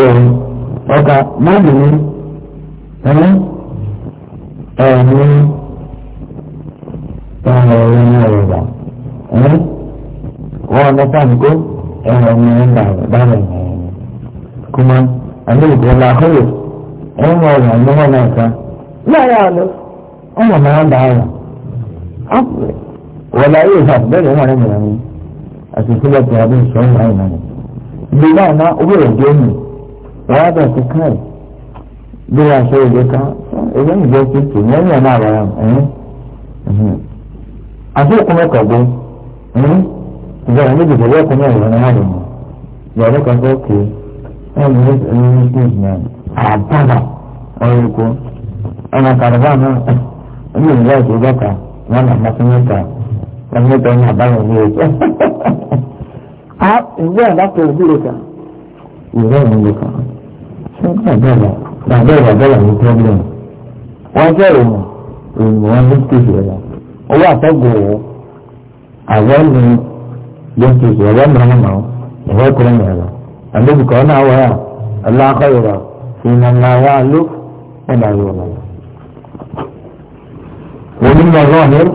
òun ọkà mọ́ọ̀lù ni ẹ̀mí ẹ̀mí ẹ̀mí ẹ̀mí ẹ̀rọ̀dà ẹ̀mí wọ́n ọ̀nà sáǹkó ẹ̀mí ẹ̀dà dára ẹ̀mí kuma àmì ìgbọ́lá àkọ́lù ẹ̀mí ọ̀rọ̀ àmọ́wọ́ náà ká láyé àlọ́ ọmọ náà dára wọ́n láyé ìfàbẹ́rẹ̀ wọn rẹ̀ mìíràn ni àti ìpínlẹ̀ tí a bí sọ́ọ́ náà ìnáyà. ìgbéga náà owó rẹ̀ dé mi wada ta kai bila sai da ka idan da ke ce nan ya na bayan eh a sai kuma ka go eh da ne da ya kuma ya na hado ya da ka go ke eh ne da ne ne ne a baba ai ko ana karba na ni ya ce da ka wannan masanita wannan da ya bayan ne a idan da ka bi ka idan ne ka bàbá ìbàbá là ní problem wọ́n jẹ́ ìròyìn ìròyìn wọn ní stage rẹ̀ owó àtọ́gùn òwò àwọ̀ ní lẹ́stage rẹ̀ wọ́n mìíràn náà ìwọ́ ìkúrẹ́ mi rẹ̀ àdébùkọ́ náà wọ́n yà ọlọ́kọ̀ yorùbá fi mọ̀ náà wá ló ọ̀dà yorùbá. ومن ظاهر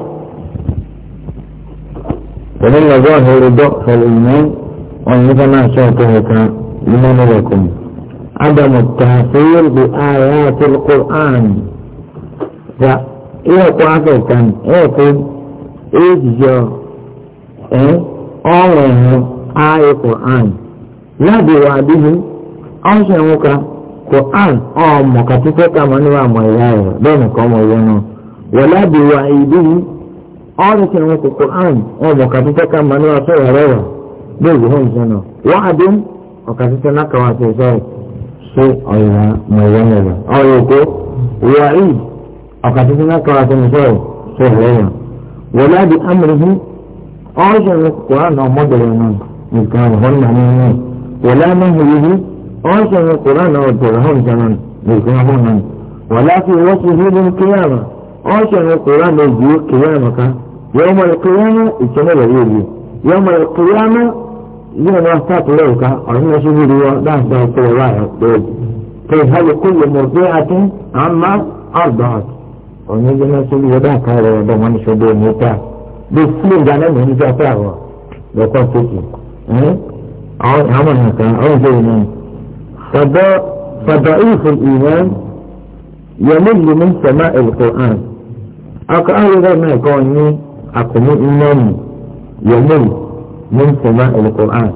ومن ظاهر ضعف الإيمان أن يتماشى كهكا لمن لكم عدم التأثير بآيات القرآن فإيه قاعدة كان يقول إجا إيه أوره آية القرآن لا بوعده أو شنوك قرآن أو مكتفك من وما بينكم وبينه ولا بوعده أو شنوك قرآن أو مكتفك من وما بينه بينهم سنة وعد وكتفك نكواتي ذلك ṣé ọ̀yà mọ̀wọ́nẹ̀rọ àwọn òkú wà í ọ̀kàtúntì náà kọ́ àtẹnusọ̀rọ̀ ṣe lẹ́yìn wọlé àbí amúrúfú ọ̀hún ṣe ní kùránù ọmọdéwọ̀n náà nìkan ọ̀hún náà nínú wọlé amáhùnlẹ́hìn ọ̀hún ṣe ní kùránù ọ̀dọ̀rọ̀hún jẹun nìkan ọ̀hún náà wọlé àfi wọ́sùn hílù kíyàmà ọ̀hún ṣe ní kùránù ìjì kíyàmà ká yọ̀ọ́mọ̀ kíyàmà ìṣẹ́lẹ̀ yíyan náà sáàtì lẹ́yìn ká ọ̀rọ̀ náà ṣe wúri wọn dáadáa ọ̀pọ̀ ọ̀rọ̀ ayọ̀ pé pé ìhàlù kó lè mọ̀ pé àti àmà ọ̀dọ̀ ọ̀nà ìjọ náà ṣe wúri dáa káàrọ̀ ọ̀dọ̀ wọn ṣe bó ní ta bí fúlẹ̀ ìdáná mi níjà pé àwọ̀ lọ́kọ̀ tókì àwọn ọ̀nà kan ọ̀rọ̀ ìjọ ìlú fọ̀dọ̀ fọ̀dọ̀ ìfún ìwọ̀n yẹmí lu mi sẹ̀má ẹ̀lùkọ̀án akọ̀ àyẹ̀wò náà kọ́ ní àkùnú ìmọ̀ọ̀mù yẹmí من سماء القرآن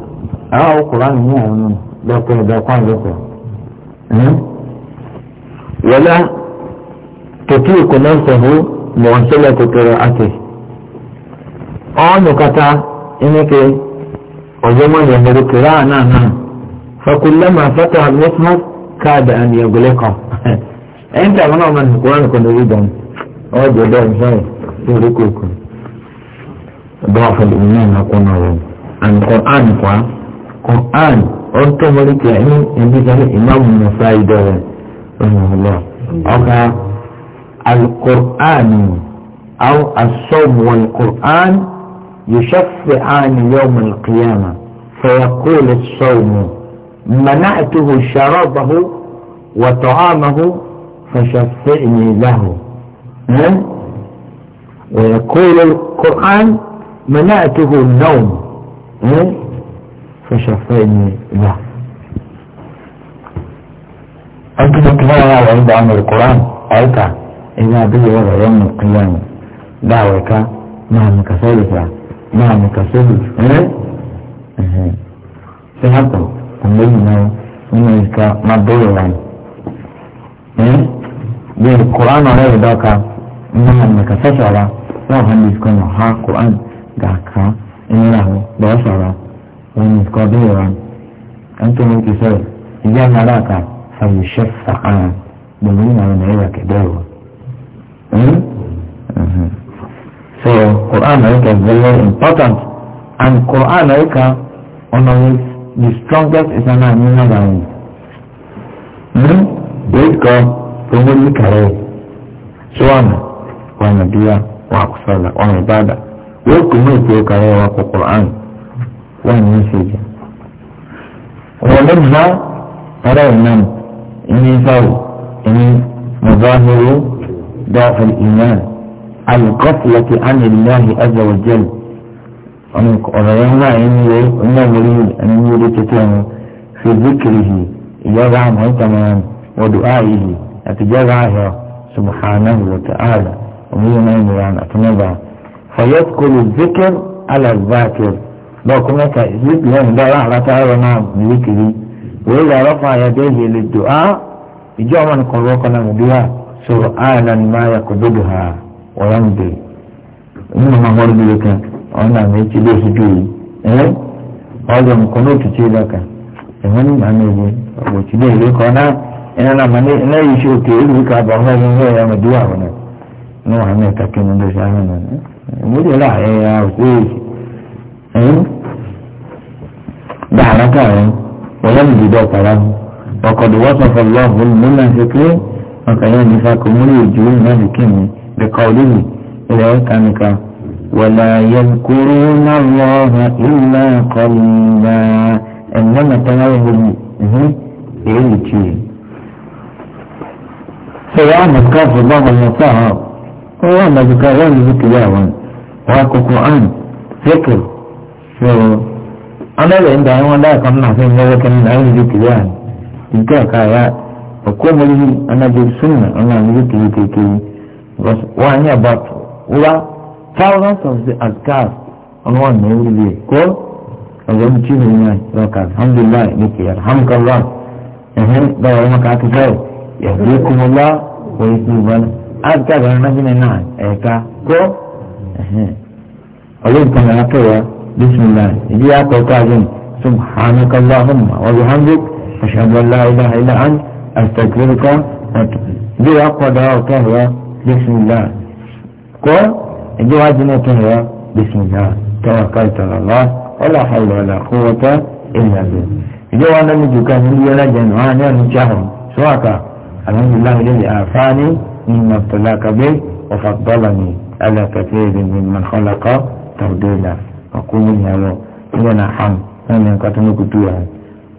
أو القرآن هي من ذاك ذاك ذاك ولا تطيق نفسه مواصلة قراءته أو كتا إنك وزمن يهدو قراءة نعم فكلما فتح المصحف كاد أن يغلقه أنت أنا من القرآن كنت أريد أن أوجد ذلك يغلقكم ضعف الإيمان أقول عن القرآن قرآن قرآن أنت ملك يعني عندك الإمام النسائي رحمه الله أو القرآن أو الصوم والقرآن يشفعان يوم القيامة فيقول الصوم منعته شرابه وطعامه فشفعني له ويقول القرآن منعته النوم إيه؟ فشفيني فشفعني له أنت تتبع عند عمر القرآن أيضا إذا به وضع يوم القيامة دعوك مهمك ثالثة مهمك ثالث إيه؟ إيه. في حقه تنبيهنا من يسكى مدور عن إيه؟ بالقرآن ولا يدعك مهمك ثالثة لا هم يسكى محاق قرآن kàkà ńlá wọn lọ́ọ́ sọ̀rọ̀ wọn ní kọ́ bí ìran ẹ̀ńtọ́ni ti sọ̀rọ̀ ìyá nàrà kà fàyẹ̀ṣẹ́ fàkàrà gbogbo ìyá wọn náírà kẹ̀dẹ́ wọn. so Quran America is very important and Quran America honours the strongest Islamic meaning of it. Wait God, promote the career. So on, one idea, one kusala, one ibadah yóò pè ní ètò ìkàrẹ́ wa kò quran wà ní ìṣèjì wọn lè bá ara ìmọ̀ ìní sáwò ìní mọ̀báhóró dáfẹ́ ìmọ̀ alùkọ́sílẹ̀kì ánìláhi azọ̀wọ̀jẹ́lì ọ̀rọ̀ yẹn wà ẹni rẹ̀ onímọ̀lẹ́ ẹni wọlé tètè wọn fi zikiri ìyára àmọ́ ìtàmọ́ wọ́dù áyì àtijọ́ àhẹ́ subhanahu wa ta'ala ويدخل الذكر على الذاكر بقولك ذكر ده على تعالى ذكري وإذا رفع يديه للدعاء إجوا من قلوقنا بها سرعانا ما يقبضها ويمضي إنما هو ذلك أنا ميت له دوي إيه هذا مكنوت تلك إمن أمي وتلي لك أنا أنا من أنا يشوف تلك أبغى هذا يا مدوا هنا نوع من تكلم ده شامل mọ́jọ́ là ẹ̀yà òkú dàrá kàrọ̀ wọ́n mi dìde ọ̀pára ọkọ̀dù wọ́n sọ̀fọ̀ lọ́wọ́ olùmọ́nà ṣe pé ọkàn yẹn nífa kò múlò ìjú náà lè kí mi lẹ́kọ̀ọ́ olóyè ilẹ̀ ẹ̀ka nìkan. ولا يذكرون الله إلا قليلا إنما تنوهم إليكي سواء مذكر في الله المصاحب هو مذكر ذكر يوم wa ko Qur'an fikr so ana da inda yan wanda kan na sai yawa kan na yin jiki ya dinka ka ya ko mali ana da sunna ana da jiki ke ke was wa ne about ura thousands of the azkar on one ne wuri ko azan ci ne ya raka alhamdulillah nake yarhamkallah eh da wani maka ta sai yahdikumullah wa yuslimu azkar na bin na eka ko ọlọ́ọ̀kan náà kẹwà bisimilahi ìdí àkọ́kọ́ àjẹm subhanaka allahumma wa bihamdik ashhadu an la ilaha illa an astaghfiruka ìdí àkọ́dà ọ̀tọ̀ wa bisimilahi kọ́ ìdí wájú náà tọ̀ wa bisimilahi tawakkaltu ala allah wala hawla wala quwwata illa ìdí wa náà níjú ká ní yẹlẹ jẹnu wa ní ọ̀nà sọ́wọ́ka alhamdulilayi lè àfáàní ní mọ̀tòlákàbẹ́ ọ̀fàgbọ́lá ni. على كثير ممن خلق تفضيلا وقوم يهو إذن حم أن قتل كتوها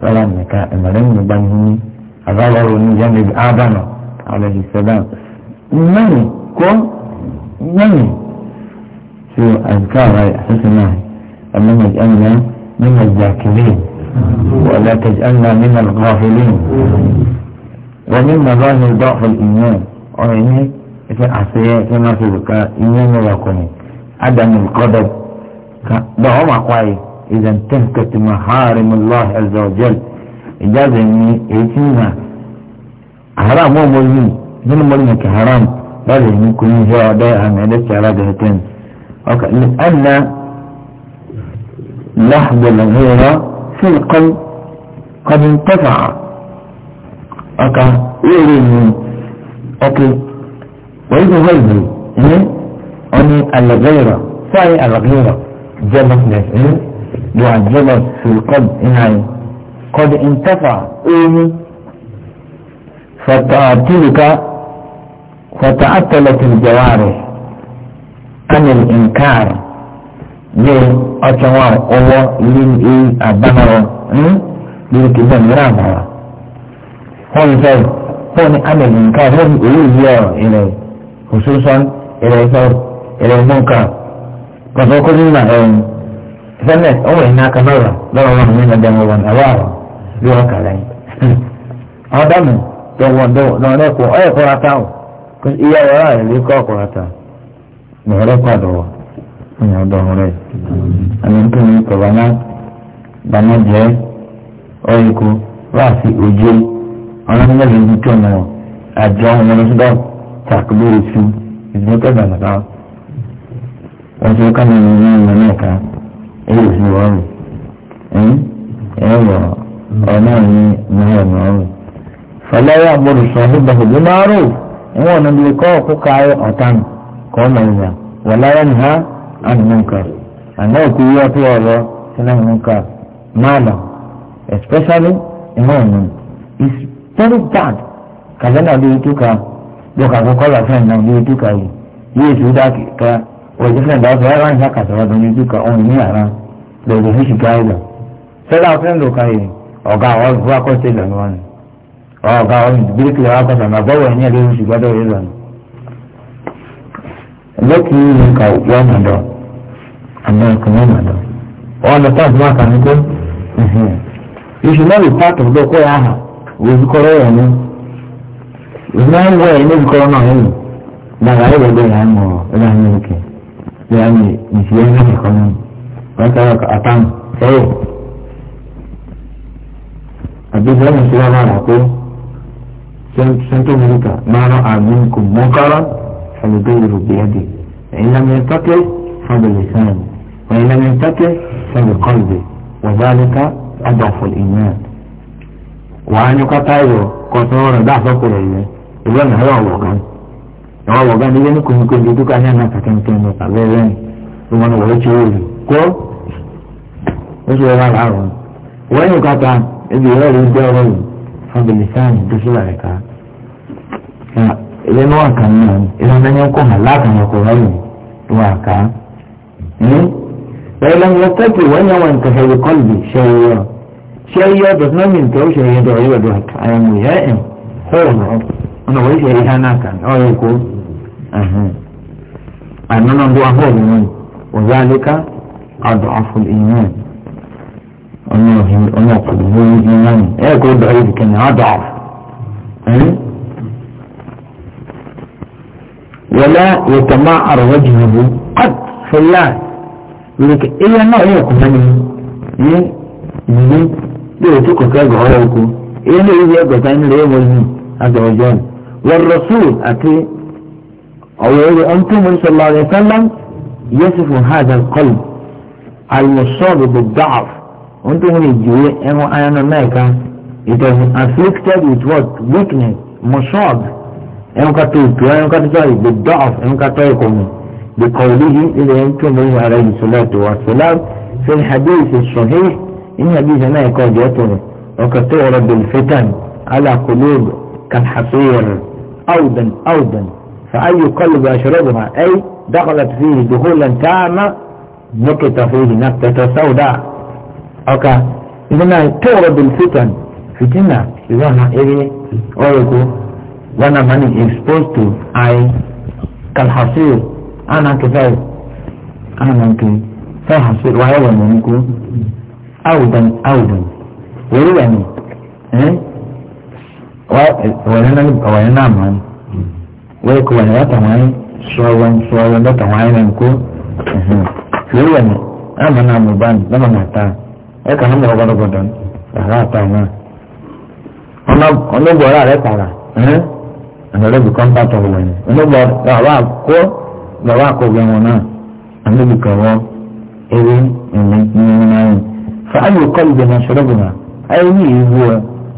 فلم يكا إمرين نبنهم أغلوا من جانب آدم عليه السلام من كون من شو أذكار حسنا أن نجعلنا من الذاكرين ولا تجعلنا من الغافلين ومن مظاهر ضعف الإيمان وعينيك ẹ̀fẹ́ àṣeyẹ ẹ̀fẹ́ máa fi ka ne wùká iná ní ọkùnrin ádámù ka bọ́ ọ máa kọ́ ayé ìdàn tẹ́ǹkẹ̀tì máa hàárẹ̀ mi lọ́ ẹ̀zọ̀ jẹ́l ìjáde ní èyí nà haram ọmọ ni nínú mọ́lì nàkì haram lọ́dọ̀ ní kò ní ṣe ọ̀dọ́ àmì ẹ̀dẹ́sẹ̀ alágẹ̀ẹ́tẹ́n ọkà ẹ̀nà لحظة الغيرة في القلب قد انتفع أكا إيري أوكي والجويني أني الغيرة فأي الغيرة jealousness you are jealous في القلب إنعي قد انتفع إيه فتعتلك فتعتلت الجوارح عن الإنكار ليه أتوا أو لين إيه أبنوا لين كده مرامة هون زي هون عن الإنكار هون إيه إليه hususan ilẹ̀ ìfọ̀r ilẹ̀ ìmọ̀ǹkà kọ̀tọ̀ kó ní ma ẹ̀yìn sẹ́nẹ̀ ọwọ́ iná kan lọ́rọ̀ lọ́rọ̀ wọn ní ẹ̀dẹ̀ wọn wọn àbá wọn bí wọn kà lẹ́yìn. àwọn dàmú dọ̀wọ̀ dọ̀wọ̀dẹ́kọ̀ ọ̀yẹ̀ kọ́rata o iye ọ̀rọ̀ rẹ̀ lè kọ́ kọ́rata lọ́rọ̀ kọ́ àdọ̀wọ̀ ní ọ̀dọ̀ rẹ̀ àmì tó ní kọ̀bánà bánà jẹ́ ọ̀yẹ̀kọ̀ wá sí ojú ọ̀rọ̀ takbiri su is better than that wọ́n ti ká nínú ní ìmọ̀ náà ká èyí sí wọ́n rù ẹ̀ wọ̀ ọ̀nà ní náà wọ̀ rù. fọláyà àbúrò sọ ní bàbá máa rò ìwọ̀n ní ilé kọ́ ọ̀kú káyọ̀ ọ̀tàn kọ́ ọ̀nà ìyà wọ̀ lára ní ha àná òkú yíyá tó ọ̀rọ̀ sílẹ̀ nínúkà máa lọ especially ìwọ̀n ní is very bad kàdánà lórí tó ká dɔk akɔkɔla fɛn na yi duka yi yi su da ka wɔdi fɛn da fɛ ɛran sa ka sɔrɔ dɔn duka ɔn ni ara lɔdi fi si ka yi lɔ sɛlɛ fɛn do ka yi ɔga ɔl fua kɔ se lɔ nɔɔni ɔga ɔl biri kiri ɔga kɔsɔ na bɔwɔ ɛni ɛdi fi si ka dɔ yi ni lɔki yi ka wɔ ma dɔ ama kuma ma ni. ìgbàwọ̀ ẹ̀ níbi kọ́ náà yìí dàgbà ayé ìwé ìyá mọ̀ ẹ̀rọ àmì òkè ìyá mi ìṣe ẹ̀ náà kọ́ náà wọ́n sọ̀rọ̀ àtàmù sẹ́yìn. àbíkú ẹ̀mí sí wọn rà pé central america máa rán àmì kò mọ́ kára ṣàlùbẹ́ ìrù bíẹ́dì ẹ̀yin lámì tọ́kẹ́ fábìlì sáyẹn ẹ̀yin lámì tọ́kẹ́ fábìlì kọ́lùbì wàbálẹ́ká àgbàfọ̀ ìmọ̀ wàá nyọ́kátá yọ kọ́sọ́rọ̀ dáfọ́kùrọ̀ yẹn. ìwọ náà wà wọ̀gán àwọn wọ̀gán ni yẹn ní kòmíkòmí ojú ká yẹn náà kàkẹ́kẹ́ ní abẹ́rẹ́ ní wọn wọ̀ ọ́tí wọ́ọ̀lù kó ó sì wọ́n láàrọ̀ wọ́n yóò kápá ebi ìwọ rẹ̀ jẹ́ ọ̀rọ̀ yìí fábìlì sáàni tó sílẹ̀ rẹ̀ ká ilé ní wàkà náà ìlànà yẹn kò hàn látàn ọkọ̀ rẹ̀ wàkà فلم يستطع ولو انتهى قلبي شيئا شيئا does not mean to شيئا يدعو يدعو أنا مجائم ọ̀nà wọ́n yẹ ìhà náà kàn ọ̀ yẹ kó ànánà bó ahọ́ mi òyà àlékà àdó àfọlù ìyẹn ọ̀nà ọ̀hìn ọ̀nà ọ̀pọ̀lọ̀ lórí ìyẹn ẹ̀ kó dọ̀ ẹ̀ kẹ́ni àdó àfọ. ولا يتمعر وجهه قد في الله لك إيا نوع يكون مني إيه إيه يوتوك كاك غيرك إيه إيه يبقى تاني ليه مولي هذا وجهه والرسول أتي أو يقول أنتم صلى الله عليه وسلم يصف هذا القلب المصاب بالضعف أنتم من الجوية أمو أنا ما كان إذا been afflicted with what weakness مصاب أمو كتوتو أمو كتوتو بالضعف أمو كتوتو بقوله إذا أنتم عليه الصلاة والسلام في الحديث الصحيح إن حديث ما يكون جاتنا وكتعرض الفتن على قلوب كالحصير أودا أودا فأي قلب يشربها أي دخلت فيه دخولا تاما نكت فيه نكتة سوداء أوكا إذن تغرب الفتن فتنة إذن إذن أولكو وانا ماني إكسبوز تو أي كالحصير أنا كفاية أنا ممكن فيها حصير وهذا ممكن أودا أودا ويعني إيه wani na ma wai ku wani wata wani tsohon tsohon wata wani nan ko lórí ẹ̀mí àmọ́ náà mo bá ní lọ́mọ náà ta ẹ kàn mọ́ gbọ́dọ̀gbọ́dọ̀ rárá ta náà ọlọ́gbọ̀ ọ̀rá rẹ̀ kàrà ẹ̀hìn ọlọ́bì kan bá tọ̀wọ̀ ẹ̀yìn ọlọ́gbọ̀ bàbá kó bàbá kó gbẹ wọn náà ọlọ́bì kan wọ́n ewé ẹ̀mí ní ẹ̀yìn náà yìí fàáyì kọ́ ìgbẹ́ náà ṣọlọ́gbọ̀n náà ayé ní ìwú ẹ̀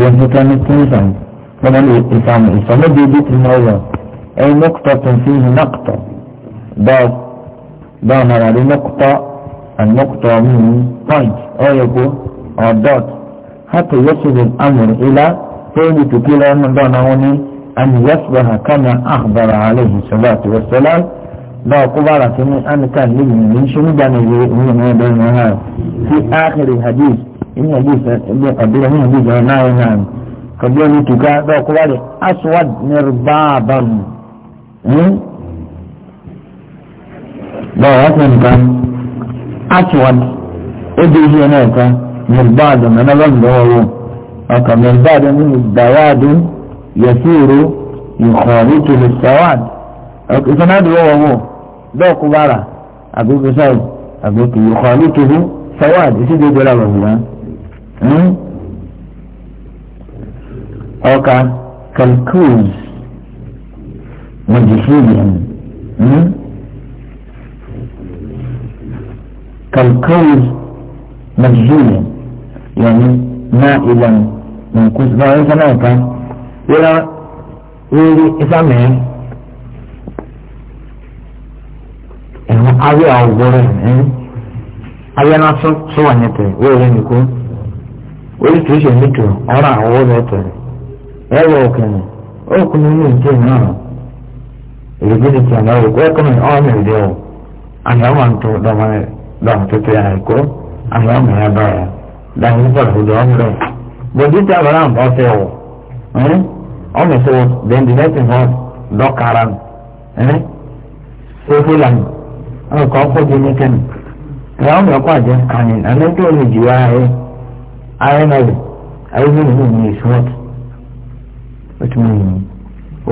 وهتان التنزل وما الإسلام الإسلام بيت الموضوع أي نقطة فيه نقطة ده ده مرة نقطة النقطة من بوينت طيب. أو يكون أو دوت حتى يصل الأمر إلى ثابت كلا من دونه أن يصبح كما أخبر عليه الصلاة والسلام لا قبالة أن كان لمن من شنو في آخر الحديث ibn abi ibn abdullah ibn abi jana nan kabla ni tuka da ko wale aswad nirbaban hmm da wannan kan aswad ibi eh, yana kan nirbaban na ban da wawo aka nirbaban ni dawadu yasiru yukharitu lisawad akisana da wawo da ko bara abu bisai abu yukharitu sawad shi da gara wawo ọkà kalkuz mọ̀jìhìlìyàn kalkuz mọ̀jìhìlìyàn yẹni náà ìlànà nǹkan náà ẹ̀ sọ́nà ẹ̀ka yẹ́nà wíwí ìsàmì ẹ̀hún awé àwòrán ẹ̀ awé náà sọ wà nyẹ́tẹ̀ wíwí ẹ̀ nìkú. oríṣiríṣi mítò ọ̀rọ̀ àwọ̀ lọ́tọ̀rẹ̀ ẹ̀rọ òkèèrè ọkùnrin ní ìdí náà ìrìbìlì tí a náà wò ọkùnrin ọ̀nà ìdí ọ̀ àyàwó àǹtọ̀ dọ̀mọ̀tẹ̀tẹ̀ àìkọ́ àyàwó mẹ́rin báyà dàmú bọ̀rọ̀ ọ̀dọ̀ ọ̀mọ̀rẹ̀ bọ̀dí tí a bọ̀rọ̀ àǹtọ̀ ọ̀fẹ́ wọ̀ ọmọ ìṣòwò dẹ̀ndínlẹ́tìn hàn lọ́kàrà ọmọ ẹ̀kọ́ àjẹ́ kàní àlẹ́ tó I know. I will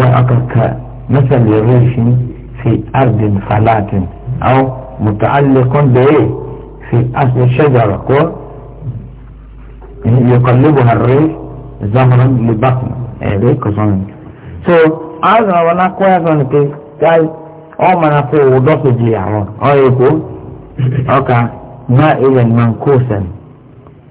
who مثل ريش في أرض فلاة أو متعلق به في أصل الشجرة يعني يقلبها الريش زمرا لبطن إيه كصنع so أنا وانا كويس كي قال أو من أقول ودوس جيعون أو يقول أوكا ما إلى منكوسا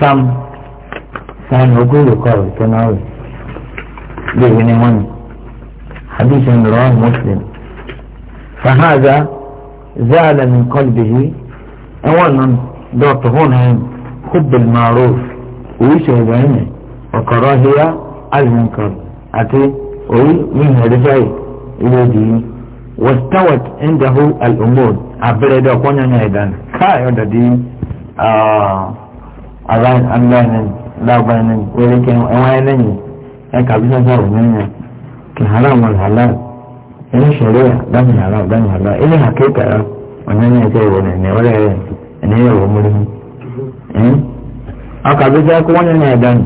sam san ogoro kọrọ tó náà rẹ léyìn ni wọn hadith ń rọ muslim fahaza zaala min qalbihi ẹwọn nan dọtọ hona yẹn hubbul maruf oríṣi ọgbà yẹn ọkọrọ hiya alimunkar àti orí yìnyín ẹdẹfẹ ilé dìí wastawat indahu al-umur abẹrẹ dọkọ nyanya ẹdan káyọ ah aban andanin labanin wani ke na nanyi ya kabi san sa wani ne ke haram wal halal shari'a dan haram dan halal ya wani ne sai wani ne wala ya ne ya aka bi ja ko wani ne dan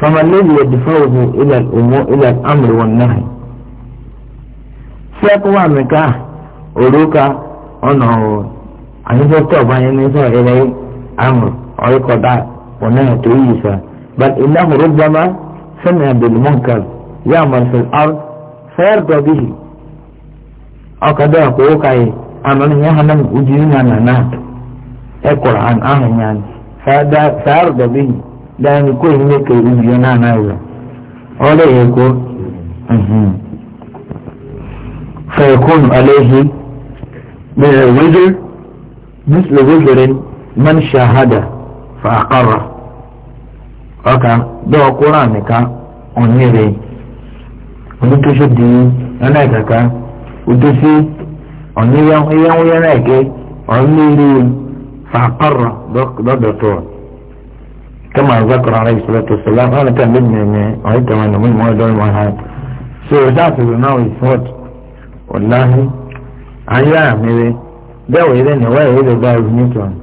fama alladhi yadfa'uhu ila al-umur ila al-amr wa oruka anyi ba ne عقبا ونهت عيسى بل إنه ربما سمع بالمنكر يعمل في الأرض فيرضى به أقدا قوقعي أمن يهنم أجينا نانا القرآن آهن يعني فيرضى به لأن كل ملك أجينا نانا ولا يكون فيكون عليه من الوزر مثل وزر من شاهده fàákàrà ọkà bẹ́ẹ̀ ọkùnrin àníká ọ̀nìrè onítòṣe di ẹ̀nà ìkàkà òdòṣe ọ̀nìyẹ̀wòyẹ̀ náà ké ọ̀nìrè fàákàrà lọ́dọ̀tọ̀ kama zakara alayhi salatu wasalam ana kan lin ne ay tamanu min ma dal ma ha so that is now is what wallahi aya mere da wai ne wai da ba newton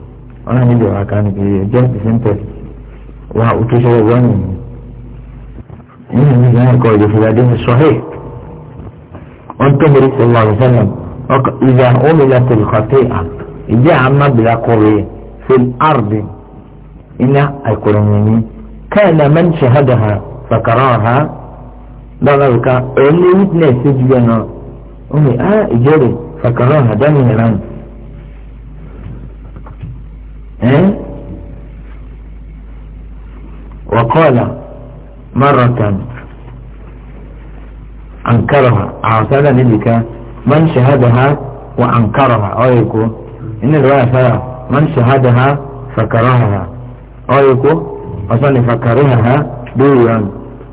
ọ̀nà níbi ọ̀rọ̀ kan ní kiri just the same person wa òtúnṣe rẹ̀ wọ́n nìyí nínú ní ìyá ẹ̀kọ́ ìdè fúlàdé ní sọ́hẹ́ wọ́n tó bẹ̀rẹ̀ sọ wà lọ́sẹ̀lẹ̀ ìjà òmìnira tẹ̀lé kọ́tẹ́ à ìjà àmàbìlà kọ̀rẹ́ fún àrùbí iná àìkọ̀rọ̀ nìyí káyọ̀nà mẹ́ni ṣahadà ha fàkàrà ha dáná ìka ẹ̀ẹ́ni witness ṣe jù bẹ́ẹ̀ náà ó ní à ìjẹ́rìí fàkàrà ha dáná ìlànà. إيه؟ وقال مرة أنكرها عاصلا نبكى من شهدها وأنكرها أيكو إن الرواية فيها من شهدها فكرهها أيكو أصلا فكرهها دوريا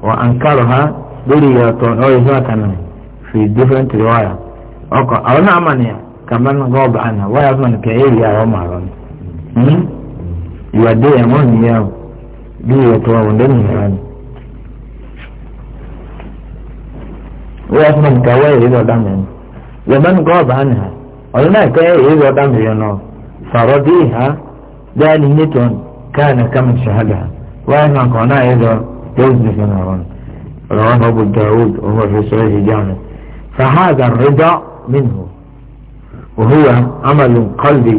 وأنكرها دوريا أيكو كان في different رواية أو نعم كمان غاب عنها ويا من كأيل يا عمر ìwàdé ẹ̀wọ̀n nìyà bí ìwọ̀tọ̀ ọ̀dọ́ nìyà ni. wọ́n fún mi kàwé ìrírí ọ̀dà mi ni yọ̀bẹ́ mi kọ́ ọ̀bá nìyà ọ̀dọ́ náà kẹ́ ìrírí ọ̀dà mi yẹn náà sọ̀rọ̀ bí ìhà dáàlì nítòun káàdà kàmi ṣàhàdà wọ́n náà kọ́ náà yẹ lọ lóògùn fún ọ̀rọ̀ رواه أبو داود وهو في صحيح جامع فهذا الرضا منه وهو عمل قلبي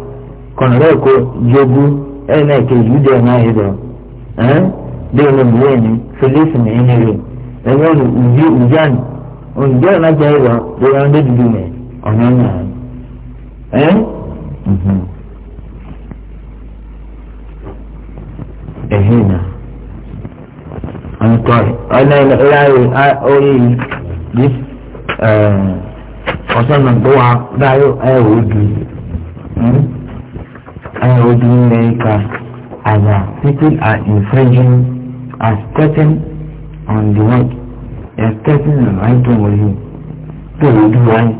kọ̀nọ̀rọ̀ kò jogu ẹ̀ náà kì í yí dẹ̀ náà ni bùrẹ́ ni felix ní ẹni rẹ̀ ẹ̀yẹ́ ọ̀nà ìdí ìjánu òǹjẹ́ ọ̀nà jẹ́ ìrọ̀ lórí ọ̀nà dídú mẹ́ ọ̀nà náà ẹ́n. Mhm. ẹ̀hìn náà ọ̀nà tọ́ ọ̀nà ìlàrí orí this ọ̀sán náà gbọ́ wa ẹ̀ wò ó di and ordinary makers as our people are infringing are stepping on the right are stepping on the right one with him so we do right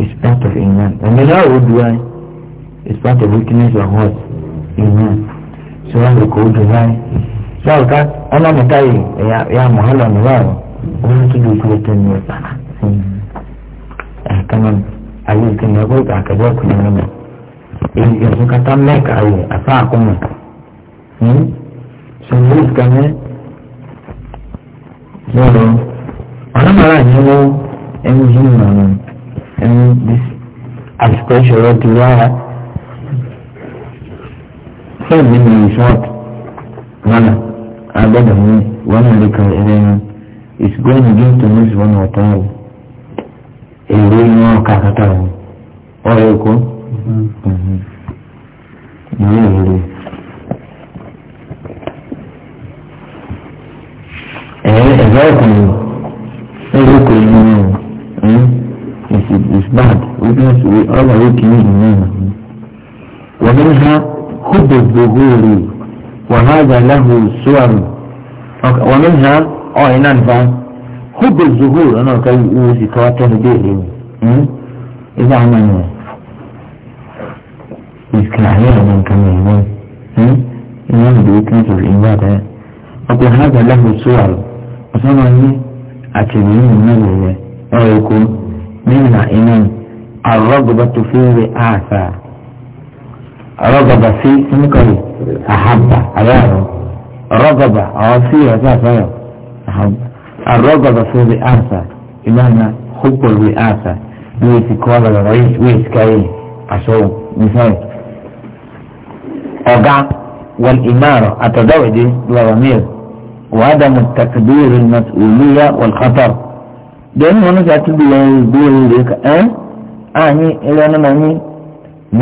is part of Iman and the law would do right It's part of weakness of what Iman so I will go do right so I will cut ọ̀nà mi táyì ẹ̀yà ẹ̀yà mọ̀hálà mi wà ó wọ́n tún lè fi ètò ìmọ̀ ìpàdà ẹ̀ka náà you ìkànnì ẹgbẹ́ ìgbà àkàdé ọkùnrin náà èyí hmm? kata mẹ́ka yìí afa akọmọ sọ̀rọ̀ ìkànnì lọ́dọ̀ ọ̀nàmọ̀ra yìí wọ́n ẹni yìí nànú ẹni àsìkò ìṣòro ti wáyà fẹ́ẹ̀mì ni ìṣọ́t mana agbọ́dọ̀ mi wọ́n mú lè ka ẹ̀rẹ́nu is going against to news one or two èrè inú ọ̀ka kata wọn ọ̀rẹ́ kọ́ ẹ̀yìn ẹ̀rọ ọkùnrin ẹ̀rọ ọkùnrin náà ẹ̀yìn it's it's bad weakness وهذا له صور ومنها اه ينفع خب الظهور انا كان يوسف كواتر بيه ìsìláyé àwọn nǹkan mìíràn ìyá ìdòwò kí n sọ̀rọ̀ ìgbà bẹ́ẹ̀ ọkọ̀ hàgbà lẹ́hùn sóòrò ọ̀sán ayé àti ìrìn ìrìn rẹ̀ ọ̀rọ̀ kó nínà iná àrọ́gbọ̀bà tó fi ń rí àṣà àrọ́gbọ̀bà sí nìkọ̀lì àhàbà àyàrọ̀ àrọ́gbọ̀bà àwọn sí ọ̀sán àfẹ́yọ̀ àrọ́gbọ̀bà sí rí àṣà ìmáàna hókòlù rí àṣà bí wọ́n ti kọ́ ọ̀rọ̀ rẹ̀ wíìsì káyé àṣọ nìfẹ́yọ̀. ọ̀gá والإمارة أتزوجي وضمير وعدم التكبير المسؤولية والخطر دين هنا كاتب يقول لك أه أعني إلى أنا معني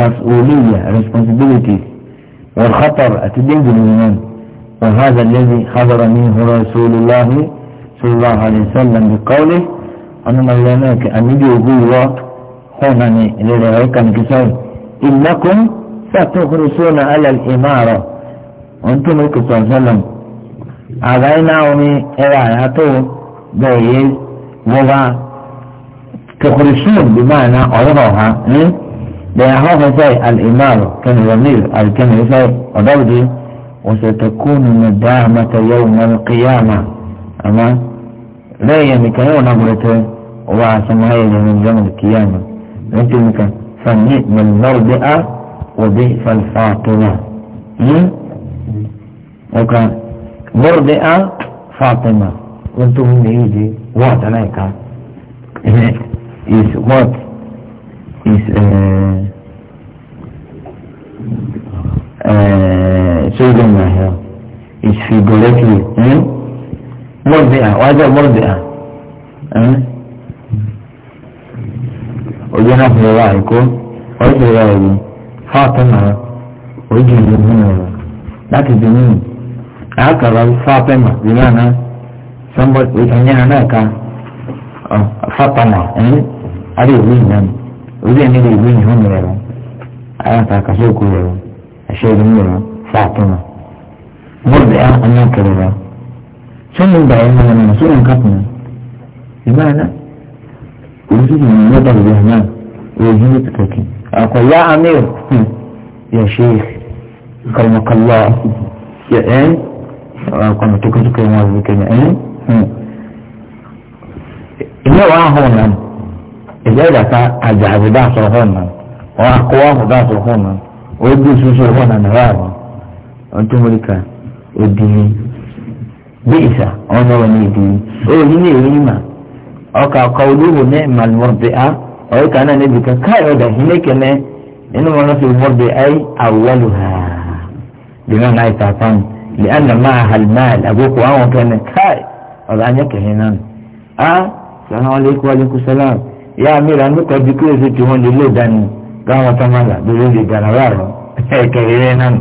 مسؤولية responsibilities والخطر أتدين بالإيمان وهذا الذي خبر منه رسول الله صلى الله عليه وسلم بقوله أنا مليناك أن يجي يقول هنا لرعيك أنكسر إنكم فتخرسون على الإمارة وانتم لكم صلى الله عليه وسلم أغاينا أمي إرعاتو بويز وغا تخرسون بمعنى أرضها إيه؟ بيهاف زي الإمارة كان ضمير الكلمة زي أرضي وستكون الندامة يوم القيامة أما لا يمكنون أمرته من يوم القيامة أنتم لكم فنئ من المرضئة وبئس الفاطمة وكان برضئ فاطمة وانتم هم يجي وقت عليك إيه، is what is uh, uh, سيدنا here يس في قولتي مرضئة وهذا مرضئة وجنا في الله يكون الله يكون fatima oríṣiríṣi ìlú ọ̀rọ̀ láti benin àákàrà fatima ìlànà somebody ìtànyẹ́nà náà ká oh, fatima ẹ̀yìn àrí ìlú ìyá mi orí ẹni lè ìlú ìhún mi rẹ̀ àyàtàkà sóòkù rẹ̀ ẹ̀ṣẹ́ ìlú mi rẹ̀ fatima bọ́ọ̀dù ẹ̀ ọ̀nà kẹrẹ̀ rẹ̀ sọ́nù ìgbà yẹn náà nà sọ́nù kápẹ́ náà ìgbà náà oríṣiríṣi ìlú ọ̀dọ̀ ìlú náà أقول يا أمير يا شيخ كرمك الله يا إيه كما تكون تكون مالك يا إيه إنه هون إذا لك أجعب داس هون وأقواه داس هون ويبدو سوسو هون نغار أنتم ملكا وديني بئس أنا ونيدي أوه هنا يريما أوكا قولوه نعم المرضئة ọ̀rẹ́ kan náà níbi kan káyọ̀ ọ̀dà sí lẹ́kẹ̀ẹ́ nínú wọn lọ́sọ̀ ìmọ̀dé ayé àwọ̀lù ha bìnnà náà ìta fún mi lè ànà máa hàlmáàlì àgbókò àwọn kan náà káyọ̀ ọ̀rẹ́ anyẹ́kẹ̀ẹ́ náà a sàlámù aleykum aleykum salam yà á mìíràn nípa bí kí èsì tí wọ́n lè lè dání káwọn tamala lórí lè dára wà rọ ẹ̀kẹ̀rẹ̀ náà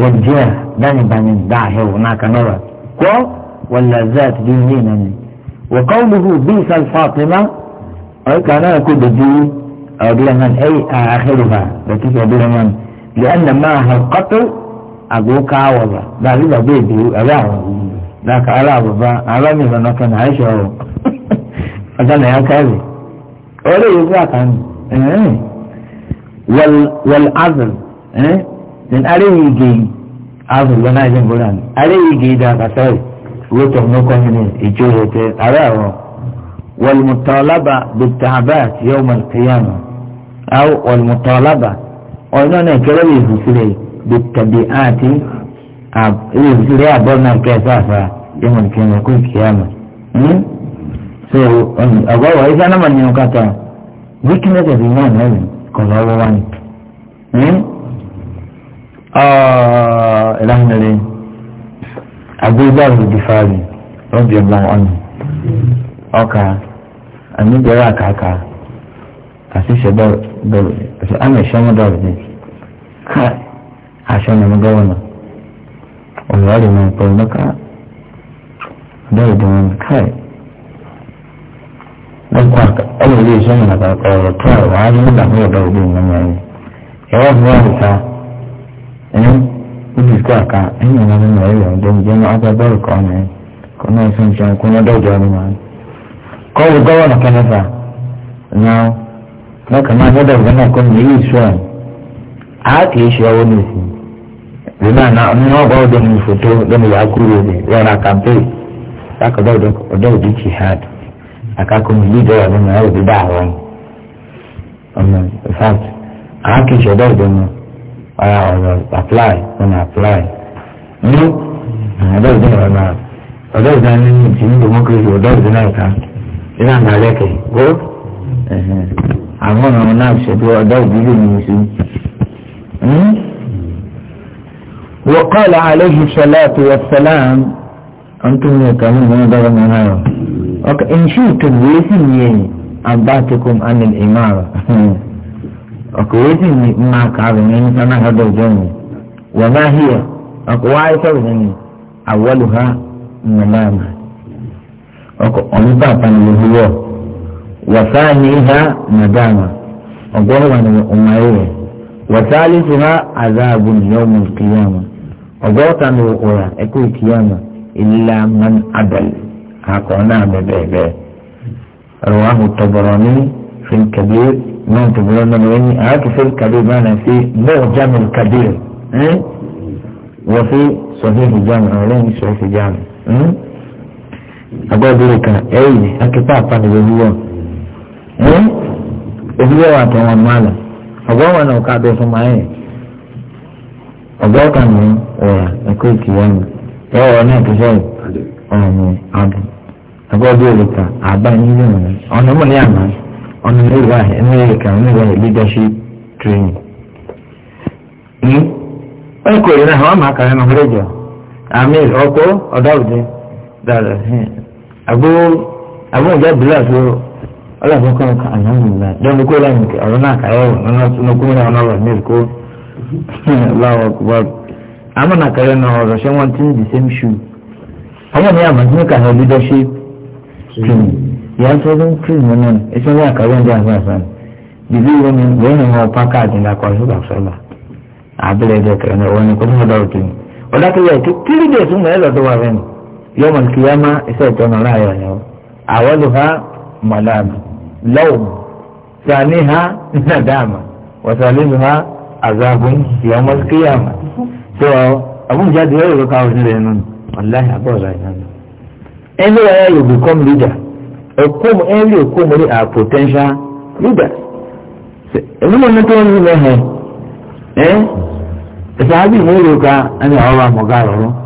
wọ́n jẹ́ dánibáni dáhẹ́wò náà kanáà kọ́ wọ́n lazat dín ní ìnáni wọ́n kọ́ أي أنا أقول بدي أبلغن أي آخرها التي في لأن ما القطع أقول كعوضة لا لذا بيبي أبعوض لك ألا بابا ألا ميلا نكن عيشه أجل يا كذي أولي يقاك عن وال والعزل من أريه جي عزل بنا جنبولان أريه جي دا كسر ويتم نكون من إجوهته أراه والمطالبة بالتعبات يوم القيامة أو والمطالبة وإننا كلبي فسري بالتبيعات إلي فسري أبونا كيسافة يوم القيامة كل قيامة سو أبوه إذا أنا من ينقطع weakness of iman lẹ́yìn kọ̀lọ́wọ́ wá ní. ìlànàrè abúlé àrùn ìdífàárì lọ́bì ọ̀gbọ̀n ọ̀nà ọkà ani da yawa kaka a sai shi bar bar su ana shan mu da ne ka a shan mu ga wannan wani yaro mai kwaimaka da da wani kai don kwa ɗaga zai shan na ƙarƙarar tuwa wa hannun da mu da wani nan yayi yawa zuwa da ta ɗin ibi kwa ka ɗin yana nan yayi yau don jama'a da bar kwanan kwanan sun shan kuna da wani ma'ana kọ́wọ́ gọ́wọ́nà kẹ́nẹ́fà náà lọ́kà máa gbọ́dọ̀ gbọ́nà kó ní ilé ìṣúra a kì í ṣe ọwọ́ ní ìsìn rìnnà náà ní wọ́n bá ọdún ní fòtó lónìí wàá kúrò rẹ̀ lọ́ra kàmpé lákọ̀dọ̀ ọ̀dọ̀ òdì jihad àkàkọ́ ní ilé ìjọba lónìí wàá òdì dá àwọn ọmọ infact a kì í ṣe ọdọ̀ ọdún ní ọ̀rọ̀ ọ̀rọ̀ apply ọ̀nà apply ní ọdọ̀ ọdún ọ̀nà ọdọ̀ ọdún ní ti ní democracy ọdọ̀ ọdún náà ìlà àmàlẹ́kẹ̀ gbó àwọn ọ̀nà náà ṣètò ọ̀dọ́ ìdílé mi sí. وقال عليه الصلاة والسلام أنتم يكمل من دار منارة إن شئتم ويسني أباتكم عن الإمارة ويسني ما كعبني إنسان هذا الجنة وما هي أقوى سوزني أولها منامة ọ̀nù pàápàá ni lóbi wọ̀ wọ̀sá ni ha nàdáàmà ọ̀gbọ́n wà ní ọmọ ayé wọ̀sá alẹ́sì ha àzáàbù nìyọ́mù kìyàmù ọ̀gbọ́n ta ni òkúra ẹ̀kú kìyàmù ilá man abẹ́l akọ̀ náà bẹ́ẹ̀ bẹ́ẹ̀ ọ̀rọ̀ ahù tọ̀bọ̀rọ̀ ní fìlkàdé náà tọ̀bọ̀rọ̀ náà wọ́n ní àákì fìlkàdé máa nà sí bẹ́ẹ̀ jámù kàdé wọ́n fi sọ̀hìn ìjàmù ọ̀rẹ́ mi sọ̀hìn ìjàmù. agbọ́dúró kan ẹ̀yìn akẹ́kọ̀ọ́ àpàlẹ̀ òwúwọ̀ ẹ̀ òwúwọ̀ wà tó wọn máa lọ ọ̀gbọ́n wọn náà ká bẹ fún máa yẹ ọ̀gbọ́n na ní ọ̀yà ẹ̀kọ́ ìkìyà mi ẹ̀ ọ̀rọ̀ náà tó sọ̀rọ̀ ọ̀rọ̀ àbù agbọ́dúró kan àbá nílé wọn ọ̀nà mọ̀ ní àná ọ̀nà mẹ́wàá ẹ̀mẹ́rẹ̀kà mẹ́wàá leadership training ẹ̀kọ́ ìrìnà àwọn àmàkàrà náà fẹ́rẹ̀ jọ àmì ọkọ̀ ọ̀dọ́ dáadáa àgbo àgbo ìjà bìlá so ọlọ́fọ́ kan ká ànámùlá dọ́nu kó lẹ́nu ọ̀rọ̀ náà kàyọ̀ ọ̀nà tún kú ní ọ̀nà ọ̀rọ̀ ní ìkó láwọn kúbọ̀ àmọ́ náà ṣé ti ń di same shoe ọmọ mi leadership tó ń náà bìbí ni ní wọn pa káàdì náà kó يوم القيامة يسيطون لا يعني أولها ملام لوم ثانيها ندامة وثالثها عذاب يوم القيامة so abun jadi yau ga kawo ne nan wallahi abu da nan anywhere yeah, you become leader okum every okum really are potential leaders so even when to ni me he eh sahabi mo yo ka ani awa mo ga ro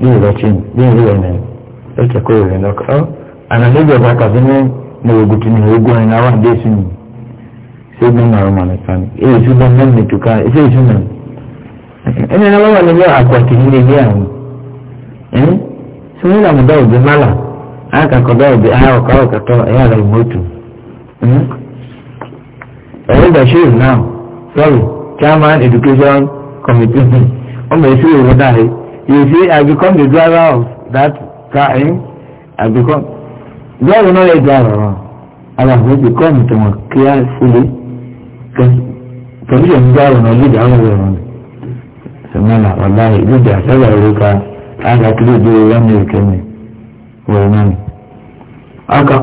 bí ìrọ̀ ṣe bí ìrú ẹ̀nà ẹ̀kẹ́ kó ìrìn lọ́kọ̀ ọ́ ànàlẹ́bí ọba kàfin ní mọ̀wògùtù ní ogún ẹ̀nà wà dé sí mi ṣé bí ọmọ nìkan ni èyí tún bá mẹ́rin ní tùkà ẹ̀ṣẹ́ ìṣú mẹ́rin ẹni ẹ̀nà wọ́n wà níbi àpọ̀tì ní ilé àwọn ẹ̀yìn tí wọ́n làmú òbí òbí now sorry chairman education committee ọmọ ìṣúwèé wọ́n dáre You see, I become the driver of that car. Eh? I become. God will not let And I will become to my clear fully. Because permission God will not lead the to way سمعنا والله جدا سبع روكا أنا كل دي يوم يكمل وينام أكا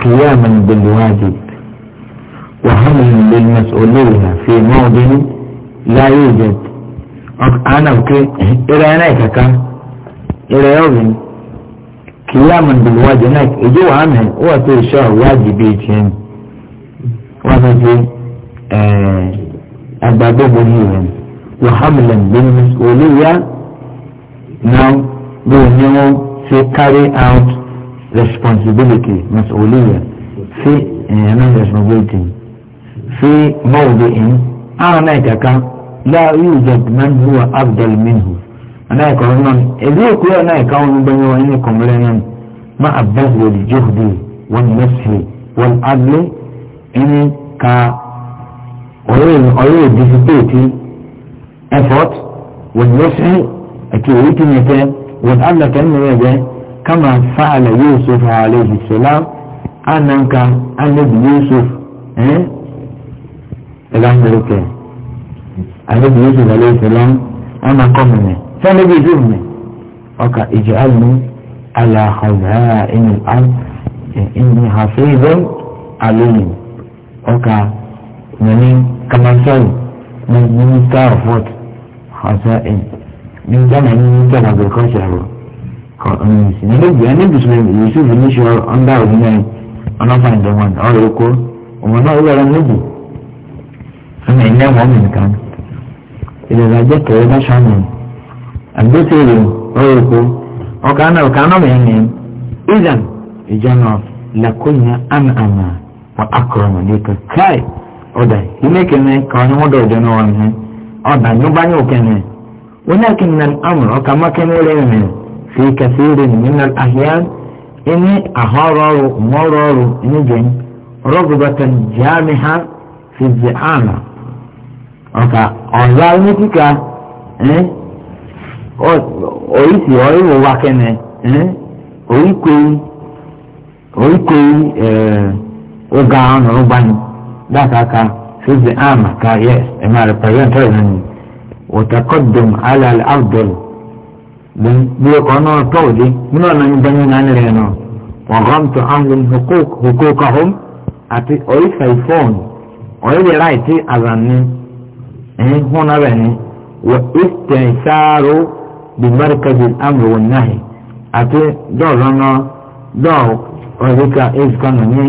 qiyaman bil-wajib wa بالواجب وهم بالمسؤولية fi موضع la yujad ana ke ira na ikaka ira yawin kiyaman bil wajib na ijo wa ame wa to sha wajibi tin wa ta je eh agbado bo ni wen wa hamlan bil mas'uliyya now do you know to carry out responsibility mas'uliyya fi eh na responsibility fi mawdi'in ana ikaka لا يوجد من هو أفضل منه أنا يقولون إذيك وأنا يكون بني وإنكم لنا مع البذل الجهد والنصح والعدل إني كا أريد أريد ديسيبيتي effort والنصح أكيويتي نتا والعدل كان كما فعل يوسف عليه السلام أنك النبي يوسف إيه؟ الأمر كان anabi yusuf alayhi salam ama kɔmi mɛ sani bi yusuf mɛ ɔka ìjọ alu ala xɔzaa ɛni al ɛni hafizan alayhi ɔka nani kamansari ni minister of what xɔzaa ɛni ni gana ni minister of agriculture o kɔ ɛni nani bi ɛni bisimil yusuf ni sɔ ɔnda omi nani ɔna fain dɛmɔni ɔyɛ ko ɔmɔ náà yɛrɛ níbi ɛni ɛni ɛmɔ mi nìkan ìrẹ̀lẹ̀ ajẹ́ kẹ̀rẹ́ bá ṣàmì àgbẹ̀tẹ̀rẹ̀ ọ̀rọ̀kọ ọ̀kànà ọ̀kànà mẹ́rin ìdàn ìjọna làkúnyà àmàmà wà ákọ̀rọ̀mọ̀ lẹ́kọ̀ káì ọ̀dà ìmẹ̀kẹ̀mẹ̀ kàwọn ọ̀dọ̀ ìjọna wọn ni ọ̀dà nyọ́bányé òkẹ́nẹ̀ ولكن الأمر كما كان يلمن في كثير من الأحيان إني أهرر مرر نجم رغبة جامحة في الزعامة ọ̀kà ọ̀la oníkíkà oríṣi ọ̀rẹ́wò wa kẹ́nẹ̀ oríkèé ọ̀gá ọ̀nàrún gbani dákàkà fífi àmà ká yẹ ẹ̀mà rẹ̀ pẹ̀lú ẹ̀ntọ́rẹ̀ náà ni wọ́tàkọ́dùm alàlẹ́ àwùjọ́lù bí ọkọ̀ náà tọ́wọ́dé náà bẹ́ẹ̀ náà náà wọ́n àti oríṣi ẹ̀yìn hún abẹ́ ni wọ́n ìtẹ̀ sáárò bí mẹ́rìkẹ́jì amúrò wọn náà àti dọ́ọ̀lọ́ náà dọ́ọ̀ ọ̀ríkà ẹ̀sìkọ́nà ní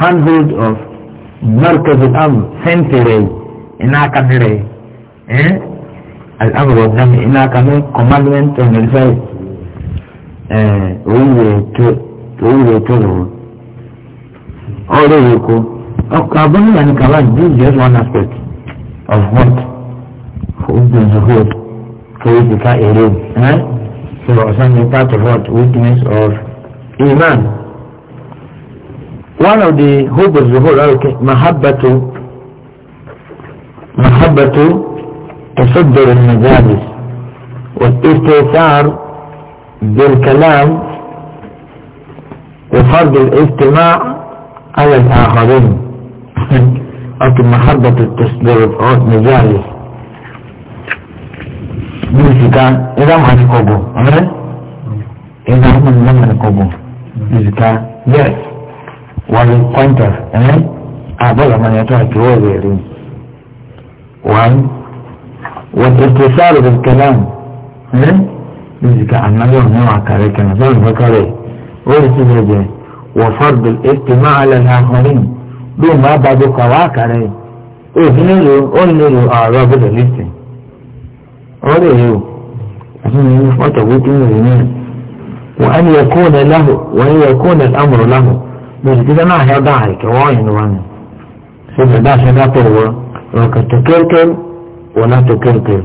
handhold of mẹ́rìkẹ́jì amúrò sẹ́ńtìrì iná kàmírẹ̀ ẹ̀ amúrò wọn náà iná kàmírẹ̀ commandment on the side ẹ̀ òwúrẹ̀ tó lọ́wọ́ ọ̀rẹ́ yìí kó ọkọ̀ abọ́nìyàn ni kàwá jíjẹ́ one aspect. أظهرت وأبدو الظهور كويس بتاع إيريب ها في العصام بتاع تفات weakness or إيمان one of the hope الظهور أو محبة محبة تصدر المجالس والاستثار بالكلام وفرض الاستماع على الآخرين لكن محبة التصدير عود نجالي بيسي كان إذا ما نقوبه أمين إذا ما لما نقوبه بيسي كان yes والكونتر أمين أعبال من يتعك كيوزي بيرين وان والاتصال بالكلام أمين بيسي كان نقول نوع كاريكا نظام فكاري ورسي وفرض الاجتماع على الآخرين bí o máa bàbá kọ àwọn àkàrà yìí o ní nílò o ní nílò ààrẹ ọgbọdọ lẹsìn ọwọ lè yẹ o àti ní fọtọ wípé ní ìrìn náà wọn á yẹ kó ní láhù wọn yẹ kó ní amúrò láhù lọsì títí náà yá bá àìkè wọn yìí wọn ni sọdọ dá sọdọ pọ wọ ọkọ tó kéékèé wọn á tó kéékèé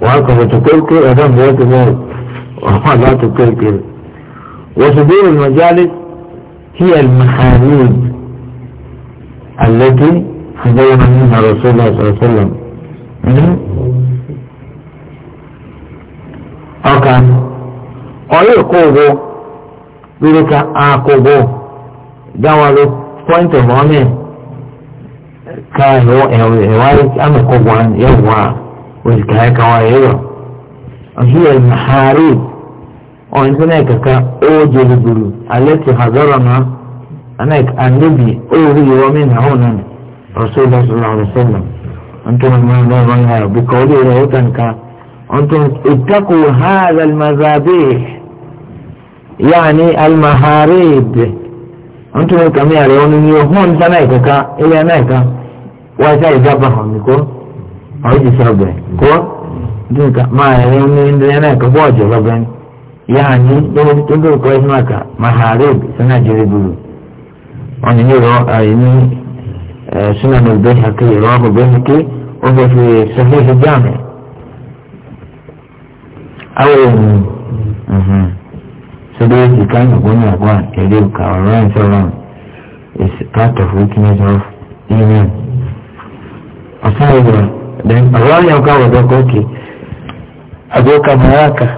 wọn á kọfọ tó kéékèé ẹdá mi wọ́n ti mọ ọkọ àlọ́ tó kéékèé wọ́n ti bí ìrìn mọ̀jálì hí ẹ̀ mọ̀hánìyàn. التي حذرنا منها رسول الله صلى الله عليه وسلم ọkà ọyọ kóòbó lórí ka àkóbó dáwàlú pọ́ǹtì mọ́mí ká ìwọ ẹ̀wọ̀ ìwárí amẹ́kọ̀ọ́gbọ́ yẹ̀wò à òsìkà ẹ̀ka wà yẹ̀wò ọ̀ṣun ẹ̀ nàárì ọ̀ǹtí náà kàkà ó jẹ́ gbùrù alẹ́ ti hàzọ́rọ̀ náà. أنك النبي أولي ومنها هنا رسول الله صلى الله عليه وسلم أنتم المنظرها بقوله وتنكا أنتم اتقوا هذا المذابيح يعني المهاريب أنتم كم يرون يهون سنايكا إلى نايكا وإذا جابهم يكون أريد سبب كون ما يرون إلى نايكا بوجه ربنا يعني يقول تنظر كويس ماكا مهاريب سناجر بلو wọn ní rọ àìní sunan al-bayhaqi ìrọ̀rùn al-bayhaqi ó fẹ́ fi sẹ́fẹ́ fi jáàmù. àwọn ènìyàn sọ́dọ̀ èsì káyọ̀ ọ̀gbọ́n ní àgbà èrè òkà ọ̀rọ̀ ẹ̀ sọ̀rọ̀ is part of weakness of iman. ọ̀sán ìgbà then ọ̀rọ̀ yẹn ká wọ̀ dọ́kọ̀ òkè àgbẹ̀wò kàmáyà kà.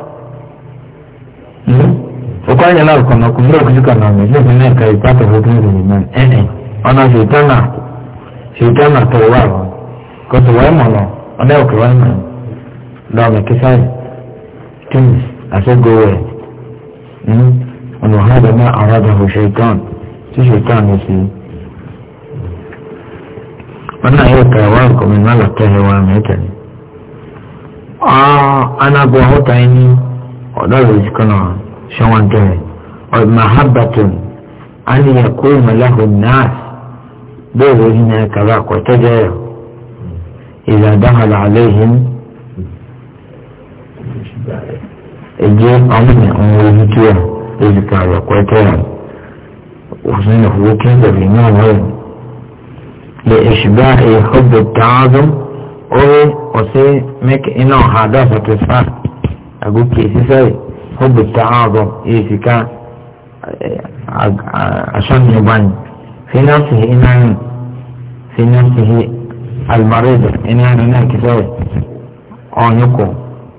Hmm? ukwanya la kuna kumbura kujuka na mimi mimi kaipata huduma ni mimi eh ona shetana shetana to wao kwa sababu wao mwana ona ukiwa mwana ndio mkisai tins asago wewe mm ono hada ma aradahu shaytan si shetani si wannan yau kaiwa ko min mala ta hewa mai ta ne a ana go hota ni odalo jikana شوانتين والمحبة أن يقوم له الناس به هنا كذاك وتجاه إذا دخل عليهم إجي أمين أمويتيا إذكا وقتيا وحسن خلوكين بفنان هين لإشباع حب التعاظم أو أسي مك إنو هذا satisfied أقول كيسي سوي حب التعاظم إيتكا عشان يبان في نفسه إيمان في نفسه المريض إيمان هناك كفاية أونيكو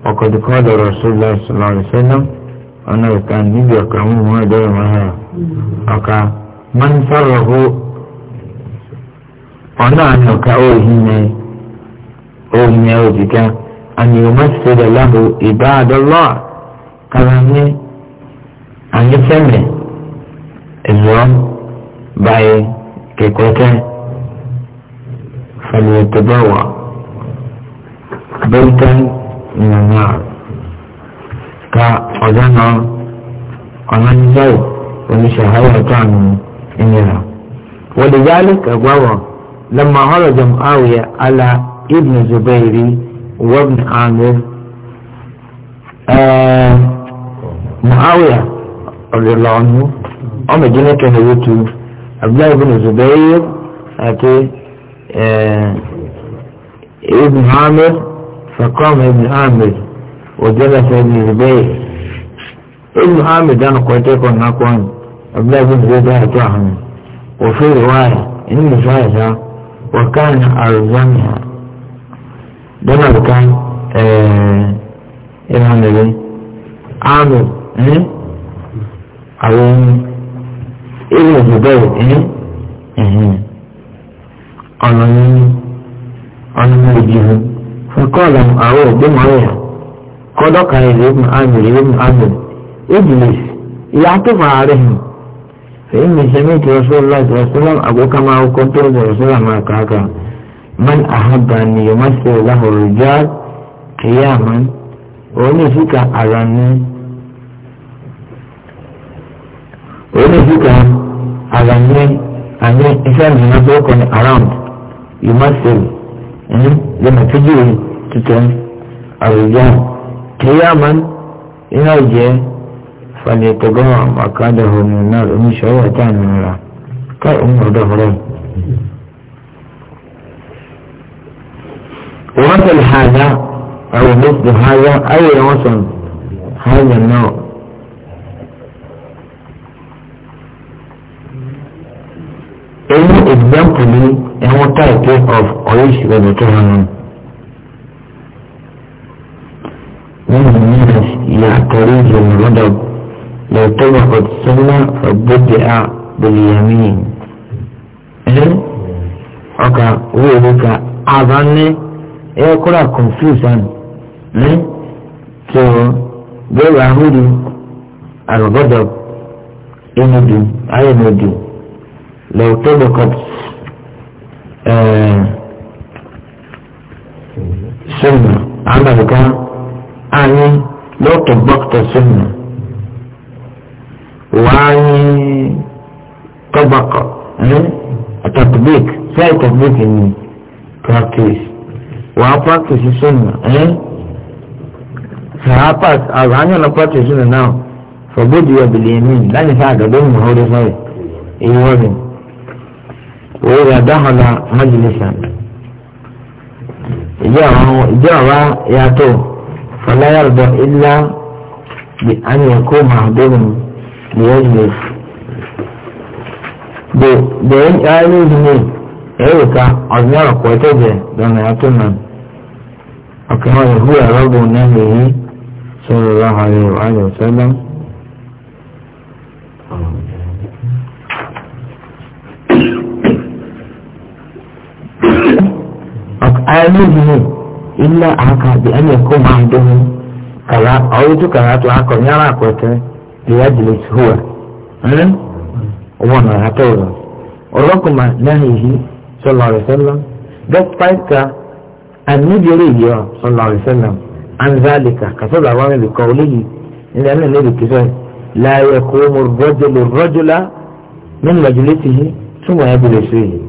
وقد قال رسول الله صلى الله عليه وسلم أنه كان يبيع كمون هذا وهذا أكا من فرغه أنا أنك أوهيني أوهيني أوهيني أن يمثل له عباد الله kàwé àyẹ̀fẹ́mẹ̀ ẹ̀zọ́ báyìí kẹ̀kọ́tẹ́ fẹ̀lẹ̀tẹ̀bẹ̀wà bẹ́ẹ̀tẹ́ nyanya ka ọ̀dọ́ náà ọ̀nàmíjáwò oníṣàhárà tó àná ìnira. ولذلك أقوى لما هرج معاوية على ابن زبير وابن عامر آه muawiya radiyallahu anhu ọmọ ìjìnlẹ̀ abdullahi zubair àti eh, ibn hamid ibn hamid òjẹ́lẹ̀ fẹ́ zubair ibn hamid kọ́tẹ́ kọ́ abdullahi zubair tó àhùn òfin inú sá wọ́kàn àwọn ewu òbúbọ̀ mhm. ọ̀nà ní ọ̀nà ìdìbò fún kọ́ọ̀lù àwọn ògbómọ̀ọ́yà kọ́dọ̀kà ìrẹ́bùn àmìrì ìrẹ́bùn àmìrì ìbìlẹ̀sì ìyá tó fà á rẹ̀ hàn èyí mi sẹ́mi tí wọ́n sọ́ọ́ láti wọ́n sọ́ọ́ láti àgbo ká máa kọ́ tó bọ̀ sọ́ọ́ láti máa kàákà man àhábà ni yọ̀mọ́sẹ̀ láhùrù jáà kìí àmọ́ òun ní ìfúkà àrà ní. onídìí kan àlàyé àyè iṣẹ́ mìíràn tó kọ́ ni around you must say ẹni lẹ́nu tójú rẹ̀ tuntun àrùjọ kéyàmán iná jẹ́ falẹ̀tọ̀gọ́ àkàdé ọ̀hún náà oníṣòwò ẹ̀ta nìyẹn ká òun ọ̀dọ̀ ọ̀rọ̀ yìí. ومثل هذا أو مثل هذا أي وصل هذا النوع any example ni ẹ̀wọ̀n type of orange weather tó hàn án. من الناس يعترض الغضب لو طبقت السنة فبدع باليمين إيه؟ أكا ويبكى أظن إيه كلا كونفيوسان إيه؟ تو بيبقى هودي الغضب إيه ندي أي ندي لو طبقت سنة عملك أعني لو طبقت سنة وعني طبق تطبيق ساي تطبيق إني براكتيس وأبراكتيس سنة فأبراكتيس أعني أنا براكتيس السنة now فبدي باليمين لأني ساعة قدوم هوري صحيح إيه وزن وإذا دخل مجلسا جرى ياتوه فلا يرضى إلا بأن يكون معدوم ليجلس بين آلي جنين إيوكا أزنار قوتجة لما يأتونا وكما هو رب نبيه صلى الله عليه وآله وسلم ayélujára ilé àkàdé ẹni ẹkọ máa dóhùn kàrà ọyọtú kàrà tó akọ nyàrá àkọtẹ ìyá jìlẹ ìhùwà ẹnlẹ wọn náà yàtọ ọrọ ọlọkùnmá náà yìí sọlọ àrẹsẹlọ dẹpẹtà àníbìrì yìí ọ sọlọ àrẹsẹlọ anzalika kàtọdọ àwọn ẹlẹkọ olóyìí nílẹ ẹni ẹni ẹlẹkì sọ láàyè kó mo rọjòló rọjòlá mímú ẹjọlẹ tì yìí túmọ̀ ẹbí lè so yìí.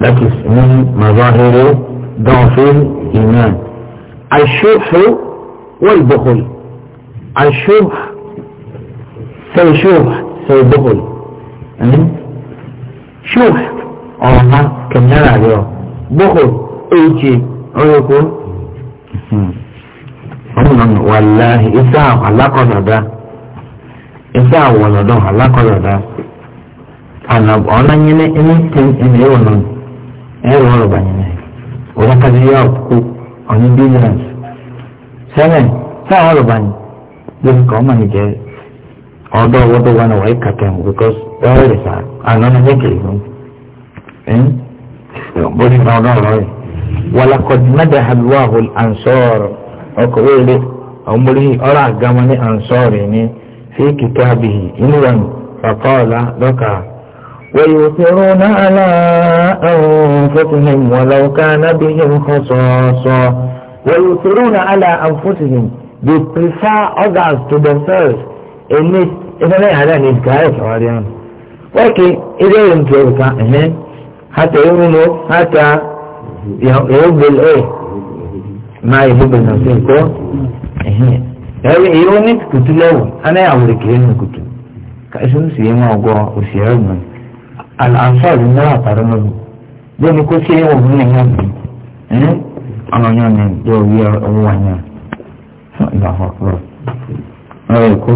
That من مظاهر ضعف الإيمان الشح والبخل الشح سيشوح بخل شح أوما كم نرى اليوم بخل أيجي أيكون والله إساء على قصده إساء ولا ولده على قصده أنا أنا يني إني تين إني ونن ẹ̀rọ ọ̀rọ̀ bàyìnà òlàkàdé yà òkú ọ̀ní bílíọ̀nsì sẹ́mẹ̀ sáà ọ̀rọ̀ bàyìn lórí kọ́ ọmọ nìjẹ́ ọ̀dọ́ owó tó wà ní wàá kàkẹ́ mu because wọ́n rẹ̀ sá àná ní kékeré fún un bóyá ìgbà ọ̀dọ́ ọ̀rọ̀ rẹ̀ wàlàkọ̀dì mẹ́ta àlùwà hol ansọ́ọ̀rọ̀ ọkọ̀ wẹ́rẹ́ ọmọlé ọ̀rọ̀ àgámọ́ ní ansọ́ọ̀rọ̀ ní fíkì tábìlì inú rẹ̀ fàkọ́ọ̀lá lọ́kàá ويؤثرون على أنفسهم ولو كان بهم خصاصة ويؤثرون على أنفسهم they prefer others to themselves in this إذا لا هذا نذكر حواليان ولكن إذا يمكنك إنه حتى يؤمنوا حتى يحب الإيه ما يحب النفسين كو إيه يؤمن كتلو أنا أعورك إيه كتلو كأسون سيما وقوة وسيعمل àlàáfàlù náà àtàrọ́mọ́bù lónìí kó ṣe òun ní ìyá mi ọmọ yẹn ni yóò rí owó wa yẹn ìlànà ọ̀pọ̀ ọ̀rọ̀ èkó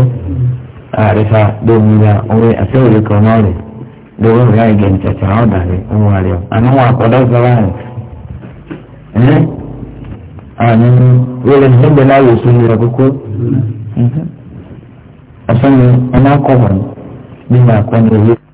àrífà lómi ra orí àtẹ̀wòlé kan náà rẹ̀ lórí ìyá ìgẹ̀ ìtẹ̀tẹ̀ àwọn ọ̀dàrẹ̀ owó wa rẹ̀ àná wọn àkọ́dọ̀ sọ́ra rẹ̀ àní wọlé nígbà náà yóò sún ìrọ̀ kókó ọ̀sán ni ọmọ akọ̀wọ̀n nígbà akọ́ni òwe.